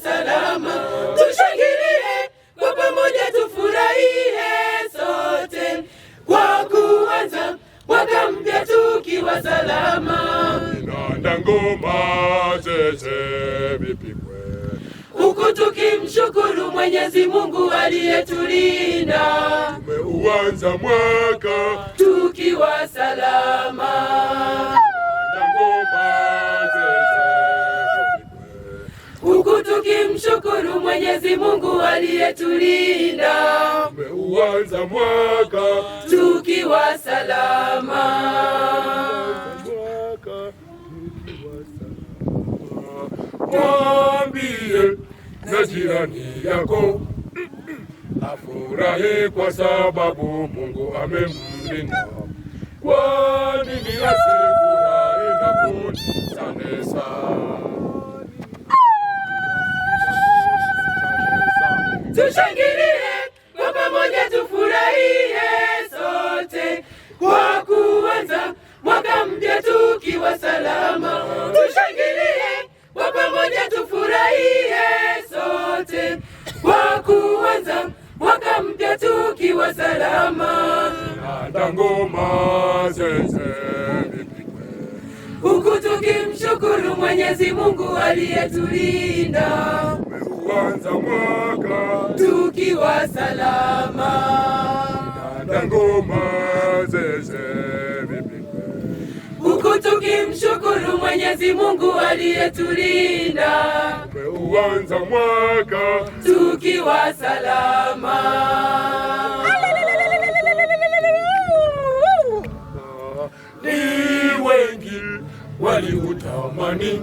salama. Tushangilie kwa pamoja, tufurahie sote kwa kuanza mwaka mpya tukiwa salama. Nanda ngoma zeze vipigwe, huku tukimshukuru Mwenyezi Mungu aliyetulinda. Tumeuanza mwaka tukiwa salama. Mwenyezi Mungu aliyetulinda, umeuanza mwaka tukiwa salama. Mwambie na jirani yako afurahi kwa sababu Mungu amemlinda. Kwa nini asifurahi na kunisane sana? tushangilie kwa pamoja, tufurahie sote kwa kuanza mwaka mpya tukiwa salama. Tushangilie kwa pamoja, tufurahie sote kwa kuanza mwaka mpya tukiwa salama. Nanda ngoma zeze huku tukimshukuru Mwenyezi Mungu aliyetulinda kuanza mwaka tukiwa salama, na ngoma zeze huku tukimshukuru Mwenyezi Mungu aliyetulinda, kuanza mwaka tukiwa salama. Ni wengi waliutamani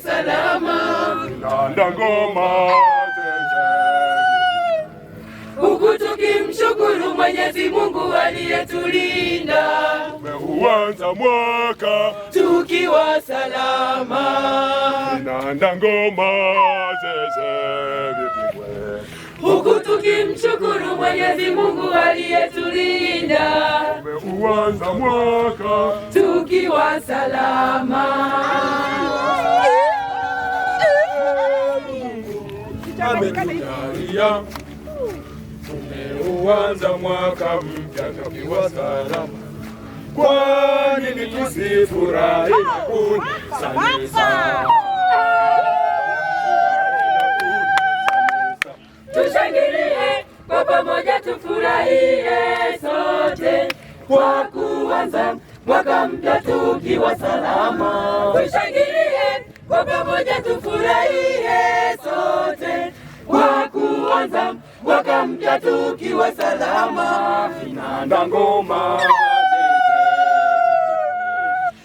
salama, kilanda ngoma huku tukimshukuru Mwenyezi Mungu aliyetulinda, umeuanza mwaka tukiwa salama, kilanda ngoma huku tukimshukuru Mwenyezi Mungu aliyetulinda, umeuanza mwaka tukiwa salama. mpya, tumeuanza mwaka mpya tukiwa salama. Kwa nini tusifurahi na kunisana? Tushangilie kwa pamoja, tufurahie sote kwa kuanza mwaka mpya tukiwa salama. Tushangilie kwa pamoja, tufurahie kwanza, wakamja tukiwa salama, vinanda ngoma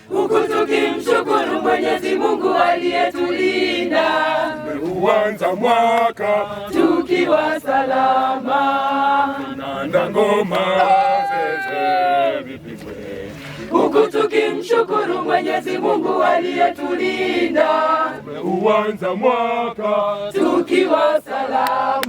huku tukimshukuru Mwenyezi Mungu aliyetulinda, tumeanza mwaka tukiwa salama, vinanda ngoma zeze vipigwe huku tukimshukuru Mwenyezi Mungu aliyetulinda, tumeanza mwaka tukiwa salama.